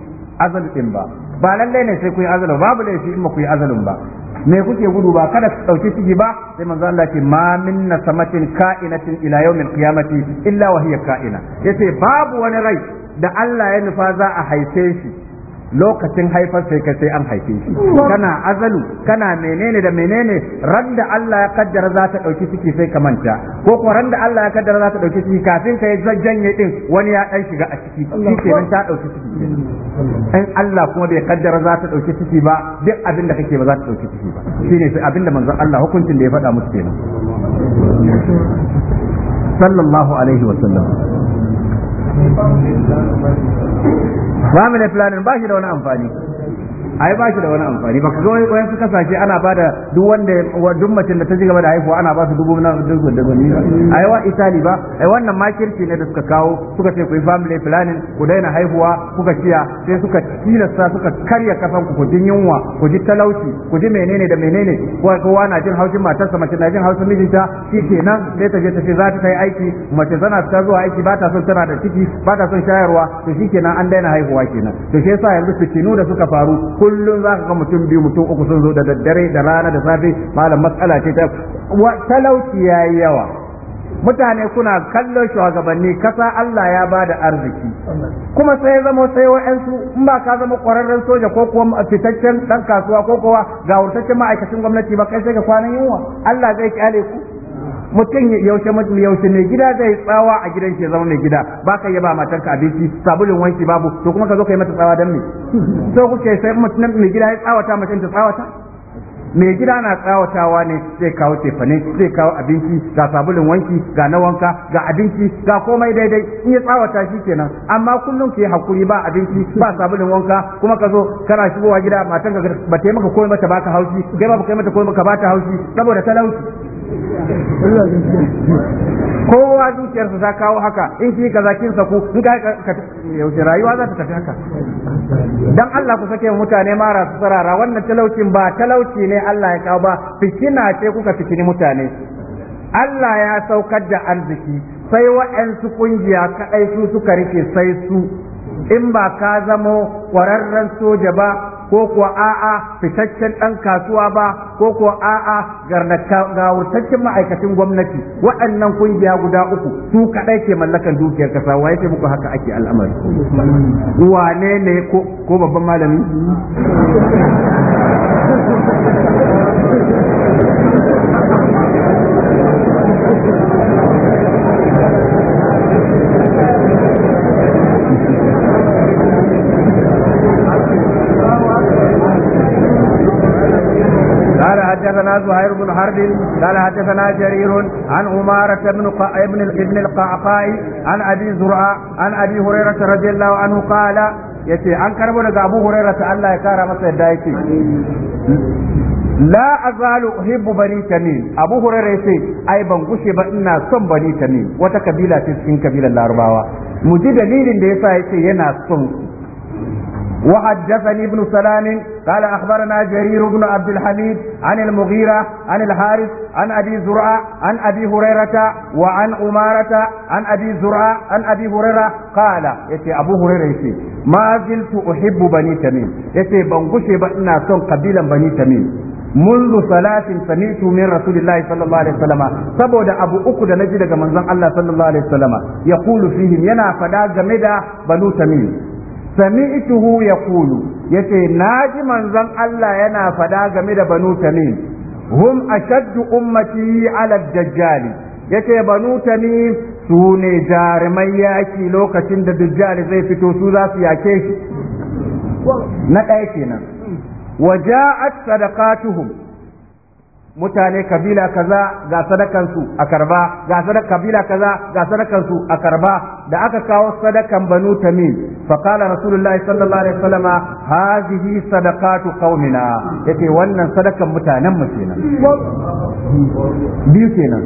Speaker 1: azal din ba ba lallai ne sai ku yi azalun babu laifi in ba ku yi azalun ba me kuke gudu ba kada ku dauki ciki ba sai manzo Allah ce ma min nasamatin ka'inatin ila yawmil qiyamati illa wa hiya ka'ina yace babu wani rai da Allah ya nufa za a haife shi lokacin haifar sai ka sai an haife shi kana azalu kana menene da menene ran da Allah ya kaddara za ta dauki ciki sai ka manta ko ko ran da Allah ya kaddara za ta dauki ciki kafin ka yi janye din wani ya dan shiga a ciki shi nan ta dauki ciki in Allah kuma bai kaddara za ta dauki ciki ba duk abin da kake ba za ta dauki ciki ba shine sai abin da manzon Allah hukuncin da ya faɗa musu kenan sallallahu alaihi wa sallam ba mu da planin ba shi da wani amfani ai ba shi da wani amfani ba. kaga wai wani su kasashe ana ba da duk wanda duk mutum da ta ji gaba da haihuwa ana ba su dubu na dubu da gani ai wa itali ba ai wannan kirki ne da suka kawo suka ce ku family planning ku daina haihuwa kuka ciya sai suka tilasta suka karya kafan ku ku yunwa ku ji talauci ku ji menene da menene ko kowa na jin haushin matarsa mace na jin haushin mijinta shi kenan sai ta je ta ce za ta kai aiki mace tana ta zuwa aiki ba ta son tana da ciki ba ta son shayarwa to shi kenan an daina haihuwa kenan to shi yasa yanzu fitinu da suka faru kullum za ka ga mutum biyu mutum uku sun zo da daddare da rana da safe malam matsala ce ta talauci ya yi yawa mutane kuna kallon shugabanni kasa Allah ya ba da arziki kuma sai zama sai wa'ansu in ba ka zama ƙwararren soja ko kuwa fitaccen dan kasuwa ko kowa ga wurtaccen ma'aikacin gwamnati ba kai sai ka kwanan yunwa Allah zai kyale ku mutum yaushe mutum yaushe mai gida zai tsawa a gidan ke zama mai gida ba ka yaba matarka ka abinci sabulin wanki babu to kuma ka zo ka yi mata tsawa don me so kuke sai mutum mai gida ya tsawata mutum ta tsawata mai gida na tsawatawa ne zai kawo tefane zai kawo abinci ga sabulin wanki ga na wanka ga abinci ga komai daidai in ya tsawata shi kenan amma kullum ke hakuri ba abinci ba sabulin wanka kuma ka zo kana shigowa gida matan ba ta yi maka komai mata ka haushi kai ba ka yi mata komai ba bata haushi saboda talauci kowa zuciyarsa ta kawo haka in ki zakin sa ku, in ka yaushe rayuwa za ta tafi haka dan Allah ku sake mutane mara su sarara wannan talaucin ba talauci ne Allah ya kawo ba fikina ce kuka fitini mutane Allah ya saukar da arziki sai wa'ansu kungiya kadai su suka rike sai su in ba ka zamo kwararren soja ba ko kuwa a'a fitaccen ɗan kasuwa ba ko kuwa a'a gawurtaccen ma'aikacin gwamnati waɗannan kungiya guda uku su kaɗai ke mallakan dukiyar kasa wa ya muku haka ake al'amari wane ne ko babban malami حرب قال حدثنا an عن عمارة بن ابن ابن القعقاع عن أبي زرعة عن أبي هريرة رضي الله عنه قال yace an karbo daga Abu Hurairah ta Allah ya kara masa yadda yake la azalu uhibbu bani tamim Abu Hurairah yace ai ban gushe ba ina son bani tamim wata kabila ce cikin kabilar Larabawa mu ji dalilin da yasa ce yana son وحدثني ابن سلام قال أخبرنا جرير بن عبد الحميد عن المغيرة عن الحارث عن أبي زرعة عن أبي هريرة وعن أمارة عن أبي زرعة عن أبي هريرة قال يتي أبو هريرة يتي ما زلت أحب بني تميم يتي بنغشي بأنا سن قبيلا بني تميم منذ صلاة سمعت من رسول الله صلى الله عليه وسلم سبود أبو أكد نجد من الله صلى الله عليه وسلم يقول فيهم ينا فدا جمدا بنو تميم tuhu ya yaqulu yace na ji manzon Allah yana faɗa game da banu tamim hum ashaddu ummati ala dajjali yace banu sune jarumai yaki lokacin da dajjali zai fito su zasu su yake shi na ɗaya kenan wa ja'at tuhum. mutane kabila kaza ga sadakansu a karba ga sadaka kabila kaza ga sadakansu a karba da aka kawo sadakan banu tamim fa qala rasulullahi sallallahu alaihi wasallama hadhihi sadaqatu qaumina yake wannan sadakan mutanen mu kenan biyu kenan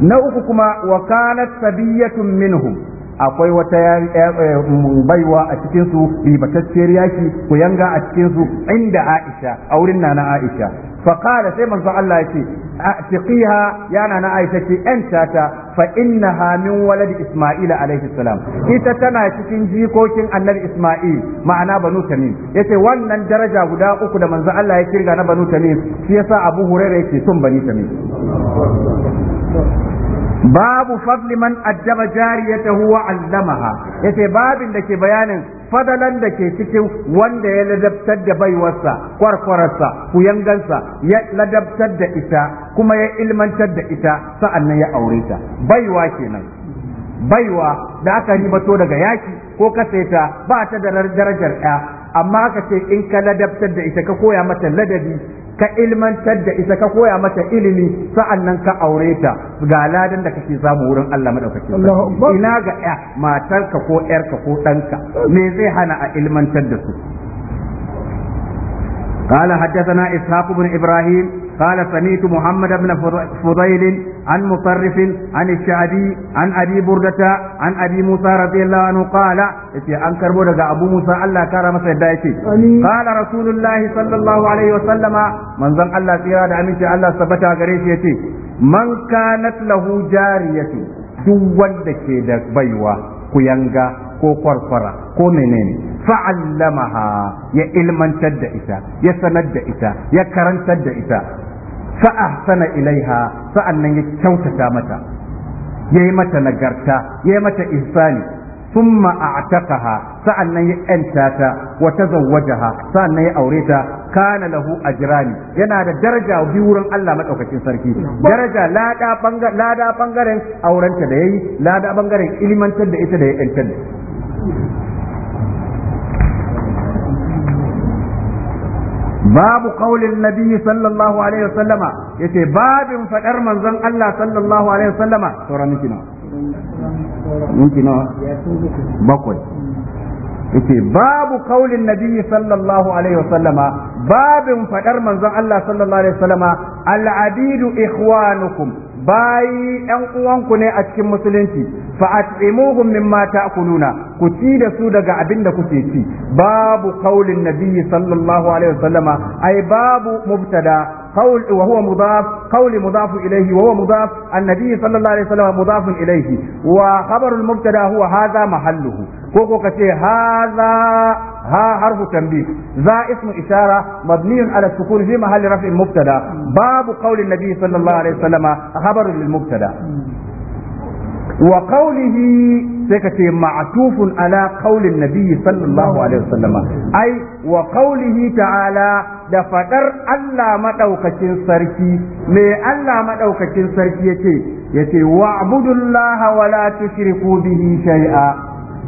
Speaker 1: na uku kuma wa kanat sabiyatun minhum akwai wata eh, eh, baiwa a cikin su ribatacciyar yaki ku yanga a cikin su inda Aisha a wurin nana Aisha فقال سيما صلى الله عليه أعتقيها يعني أنا عائشة أنت فإنها من ولد إسماعيل عليه السلام Ita tana cikin jikokin annar Ismail ma'ana banu tamim yace wannan daraja guda uku da manzo Allah ya kirga na banu tamim shi yasa Abu Hurairah yake son bani tamim babu fadli man addaba jariyatahu wa allamaha yace babin da ke bayanin fadalan da ke cikin wanda ya ladabtar da baiwarsa kwarkwararsa kuyangansa ya ladabtar da ita kuma ya ilmantar da ita sa'an sa'annan ya aure ta baiwa kenan baiwa da aka ribato daga yaki ko ta ba ta da darajar ya amma aka ce in ka ladabtar da ita ka koya mata ladabi ka ilmantar da ita ka koya mata ilimi sa'annan ka aure ta ga ladan da kake samu wurin Allah madaukakin ina ga ya matarka ko yarka ko ɗanka me zai hana a ilmantar da su قال حدثنا إسحاق بن إبراهيم قال سمعت محمد بن فضيل عن مصرف عن الشعبي عن ابي musa عن ابي موسى رضي الله عنه قال في انكر بودا ابو موسى الله كرم سيدايتي قال رسول الله صلى الله عليه وسلم من ظن الله سيرا da aminci Allah sabata gare shi yace Manka kanat lahu jariyatu duk wanda ke da baiwa kuyanga ko kwarkwara ko menene fa'allamaha ya ilmantar da ita ya sanar da ita ya karantar da ita fa ahsana ilaiha sa'annan ya kyautata mata yayi mata nagarta yayi mata ihsani ثم أعتقها سألنا يأنتاتا ya aureta, يأوريتا كان له أجران yana da daraja biyu wurin Allah madaukakin sarki daraja lada bangaren aurenta da yayi lada bangaren ilimantar da ita da ya yantar babu kaulin nabi sallallahu alaihi wasallama yace babin fadar manzon Allah sallallahu alaihi wasallama saura miki nawa miki nawa bakwai yace babu kaulin nabi sallallahu alaihi wasallama babin fadar manzon Allah sallallahu alaihi wasallama al'abidu ikhwanukum bayi yan uwanku ne a cikin musulunci fa at'imuhum mimma ta'kuluna ku ci da su daga abin da kuke ci babu qaulin nabiyyi sallallahu alaihi wasallama ai babu mubtada قول وهو مضاف قول مضاف إليه وهو مضاف النبي صلى الله عليه وسلم مضاف إليه وخبر المبتدا هو هذا محله كوكو كتير هذا ها حرف تنبيه ذا اسم إشارة مبني على السكون في محل رفع مبتدا باب قول النبي صلى الله عليه وسلم خبر للمبتدا wa qawlihi sai ka ce ma'tufun ala qawlin nabi sallallahu alaihi wasallam ai wa qawlihi ta'ala da fadar Allah madaukakin sarki me Allah madaukakin sarki yace yace ce wa wala tushriku bihi shay'a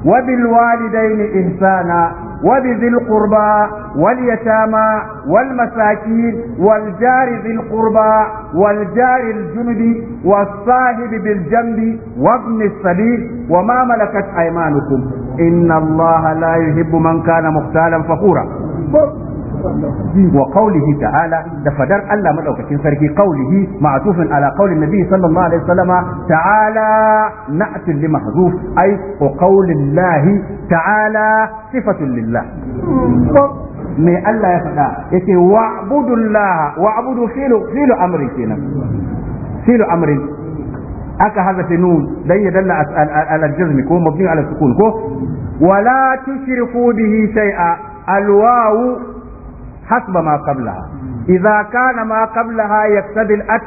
Speaker 1: wa bil walidayni ihsana وبذي القربى واليتامى والمساكين والجار ذي القربى والجار الجند والصاحب بالجنب وابن السبيل وما ملكت أيمانكم إن الله لا يحب من كان مختالا فخورا wa qawlihi ta'ala da fadar Allah Maɗaukacin sarki qawlihi ma'tufun ala qawlin nabi sallallahu alaihi wasallama ta'ala na'tul li mahzuf ay wa qawlillahi ta'ala sifatun me Allah ya faɗa yake wa abudu filu filu amri kenan filu amri aka hazafe nun dan ya dalla al-jazm ko mabni ala sukun ko wala tushriku bihi shay'a alwawu حسب ما قبلها إذا كان ما قبلها يقتضي الأت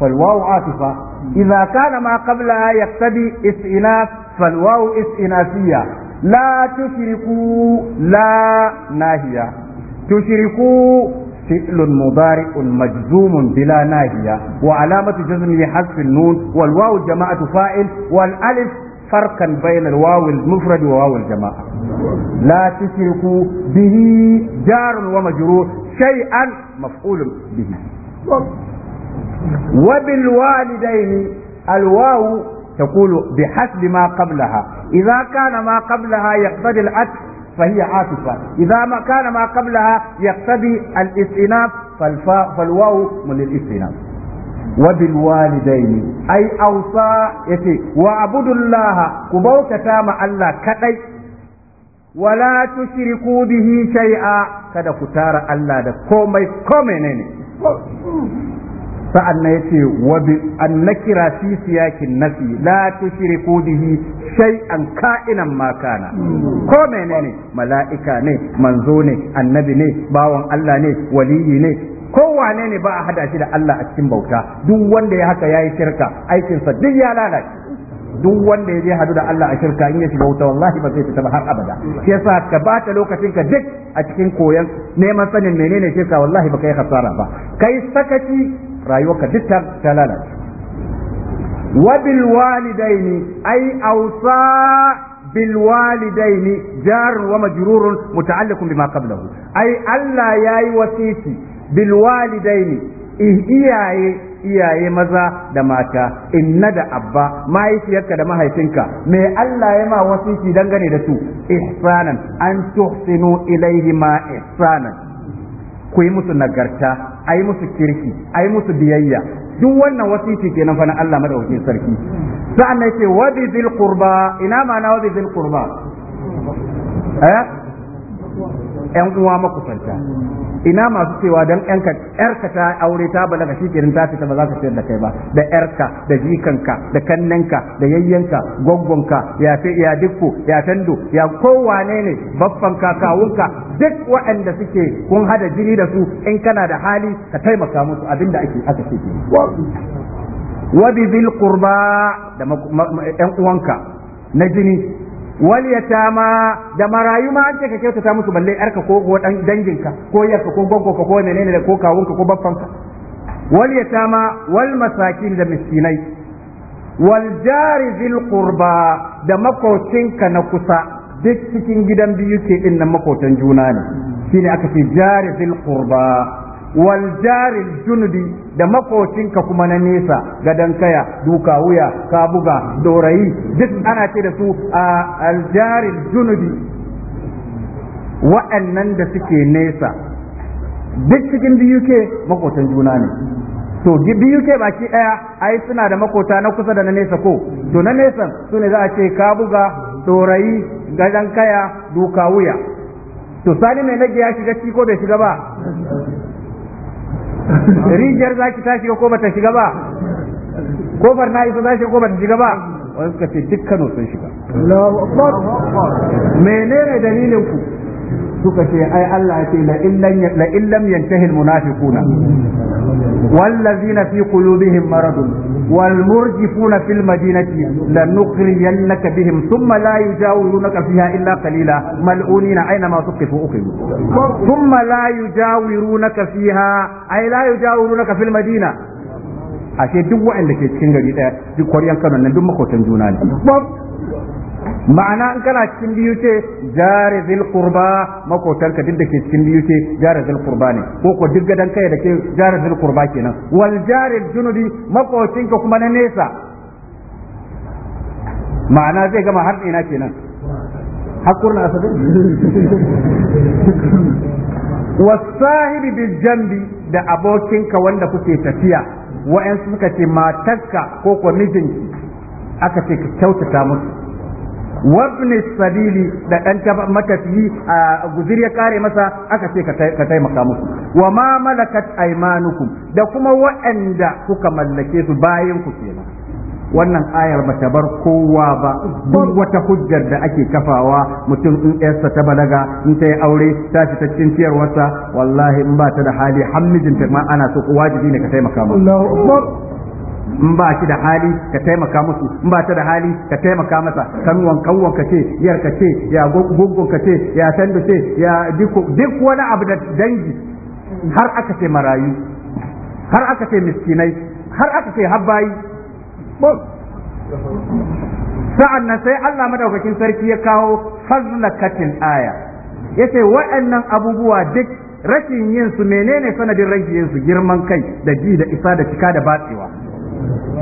Speaker 1: فالواو عاطفة إذا كان ما قبلها يقتضي استئناف فالواو استئنافية لا تشركوا لا ناهية تشركوا فعل مضارع مجزوم بلا ناهية وعلامة جزمه حذف النون والواو جماعة فاعل والألف فرقا بين الواو المفرد وواو الجماعة لا تشركوا به جار ومجرور شيئا مفعول به وبالوالدين الواو تقول بحسب ما قبلها إذا كان ما قبلها يقتضي العطف فهي عاطفة إذا ما كان ما قبلها يقتضي الاستئناف فالواو من الاستئناف wa bil walidaini ai ausa yace wa abudullaha ku bautata ma Allah kadai wala tushriku bihi shay'a kada ku tara Allah da komai komai ne ne sa'an na yace wa bi an nakira fi siyakin nafi la tushriku bihi shay'an ka'inan ma kana ko menene mala'ika ne manzo ne annabi ne bawan Allah ne waliyi ne kowane ne ba a hada shi da Allah a cikin bauta duk wanda ya haka yayi shirka aikinsa duk ya lalace duk wanda ya je hadu da Allah a shirka in ya shiga wuta wallahi ba zai fita ba har abada shi yasa ka bata lokacin ka duk a cikin koyon neman sanin menene shirka wallahi ba kai hasara ba kai sakaci rayuwarka duk ta lalace wa bil walidaini ai awsa بالوالدين جار ومجرور متعلق بما قبله أي ألا ياي وسيتي bil walidaini iyaye iyaye maza da mata inna da abba mahaifiyarka da mahaifinka me Allah ya ma wasiki dangane da su ihsanan an tuhsinu ilaihi ma ihsanan ku yi musu nagarta a yi musu kirki a yi musu biyayya duk wannan wasiki kenan fa na Allah madaukakin sarki sa'an nan ce, wa bi zil qurba ina ma na wa bi qurba eh ƴan uwa makusanta ina masu cewa dan yarka ta aure ta balaga shikenan ta ta ba za ka sayar da kai ba da yarka da jikanka da kannanka da yayyanka gwaggonka ya fi ya dukku ya tando ya kowane ne baffan kakawunka duk waɗanda suke kun hada jini da su in kana da hali ka taimaka musu abinda ake aka ce wa bi qurba da yan uwanka na jini wal yatama da marayu ma an ce ka kyautata musu balle yarka ko ko dan danginka ko yarka ko goggonka ko menene da ko kawunka ko baffanka wal yatama wal masakin da miskinai wal jari zil qurba da makocinka na kusa duk cikin gidan biyu ke din nan makotan juna ne shine aka ce jari zil qurba wal jaril junubi da makocinka kuma na nesa gadan kaya duka wuya ka buga dorayi duk ana ce da su al jaril junubi wa'annan da suke nesa duk cikin BUK makotan juna ne to BUK baki daya ai suna da makota na kusa da na nesa ko to na nesa su ne za a ce ka buga dorayi gadan kaya duka wuya to sani mai nage ya shiga ciko bai shiga ba rijiyar za ki ta shiga ko bata shiga ba kofar na isa za shiga ko bata shiga ba wani suka ce dukkan sun shiga menene dalilin ku suka ce ai Allah ya ce la illam yantahi almunafiquna wallazina fi qulubihim maradun والمرجفون في المدينة لنخرجنك بهم ثم لا يجاورونك فيها إلا قليلا ملعونين أينما ثقفوا أخذوا ثم لا يجاورونك فيها أي لا يجاورونك في المدينة ashe duk waɗanda ke cikin gari ɗaya duk kwaryan kano nan duk makotan juna ne ma'ana in kana cikin biyu ce jari zil qurba makotanka duk da ke cikin biyu ce jari zil qurba ne ko ko duk gadan kai da ke jari zil qurba kenan wal jari junubi makotinka kuma na nesa ma'ana zai gama har ina kenan hakur na asabi wasahibi bil jambi da abokinka wanda kuke tafiya wa'ansu suka ce matarka ko ko mijinki aka ce ka kyautata musu wabni sabili da ɗan matafiyi a guzir ya kare masa aka ce ka taimaka musu wa ma malakat aymanukum da kuma waɗanda kuka mallake su bayan ku kenan wannan ayar ba ta bar kowa ba duk wata hujjar da ake kafawa mutum in yarsa ta balaga in ta yi aure ta ta cikin ciyarwarsa wallahi in ba ta da hali har ta ma ana so wajibi ne ka taimaka masa in ba shi da hali ka taimaka musu in ba ta da hali ka taimaka masa kan kanwan ka ce yar ka ce ya gungun ka ce ya sandu ce ya duk wani abu da dangi har aka ce marayu har aka ce miskinai har aka ce habbayi sa'an nan sai Allah madaukakin sarki ya kawo fazlakatin aya ce wa'annan abubuwa duk rashin yin su menene sanadin rashin yin su girman kai da ji da isa da cika da batsewa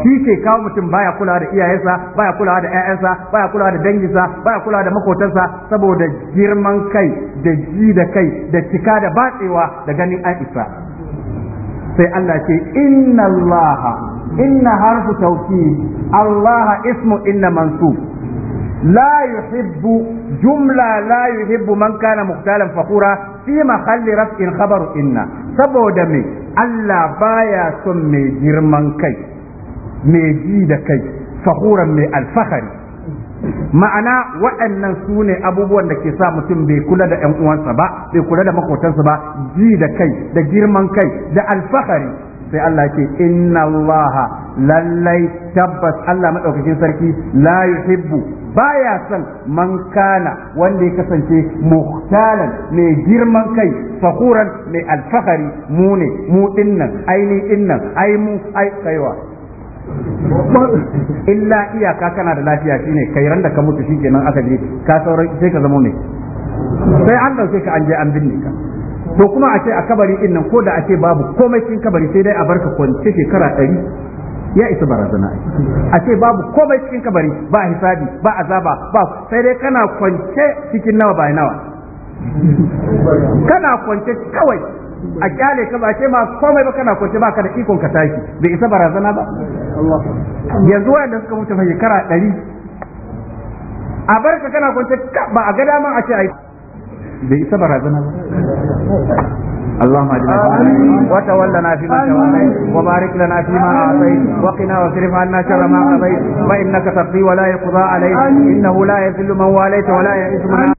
Speaker 1: shi ke kawo mutum baya kula da iyayensa baya kula da ƴaƴansa baya kula da danginsa baya kula da makotansa saboda girman kai da ji da kai da cika da batsewa da ganin an isa sai Allah ce inna Allah inna harfu tauki Allah ismu inna mansub لا jumla جملة man يحب من كان si ma kalli raf'in رفع inna, saboda me Allah baya son mai girman kai. mai ji da kai fahuran mai alfahari ma'ana waɗannan su ne abubuwan da ke sa mutum bai kula da ‘yan uwansa ba bai kula da makotansa ba ji da kai da girman kai da alfahari sai Allah ce inna Allah lallai tabbas Allah madaukakin sarki la yuhibbu baya son man kana wanda ya kasance muhtalan mai girman kai fakuran mai alfahari mu ne mu dinnan ainihin dinnan ai mu ai kaiwa illa iyaka kana da lafiya shine kai ran da ka mutu shikenan aka je ka sauran sai ka zama ne sai an dauke ka an je an binne ka to kuma a ce a kabari din nan ko da a ce babu komai cikin kabari sai dai a barka kwance shekara ɗari ya isa barazana a ce babu komai cikin kabari ba hisabi ba azaba ba sai dai kana kwance cikin nawa ba nawa kana kwance kawai a kyale ka ba ce ma komai ba kana kwance ba ka da ikon ka tashi bai isa barazana ba yanzu wanda suka mutu mai shekara ɗari a barka kana kwance ba a gada ma a ce a yi da ba Allah ma jina wata walla na fi mata wa barik fi ma wa wa shara ma wa alai innahu la yadhillu man walaita wa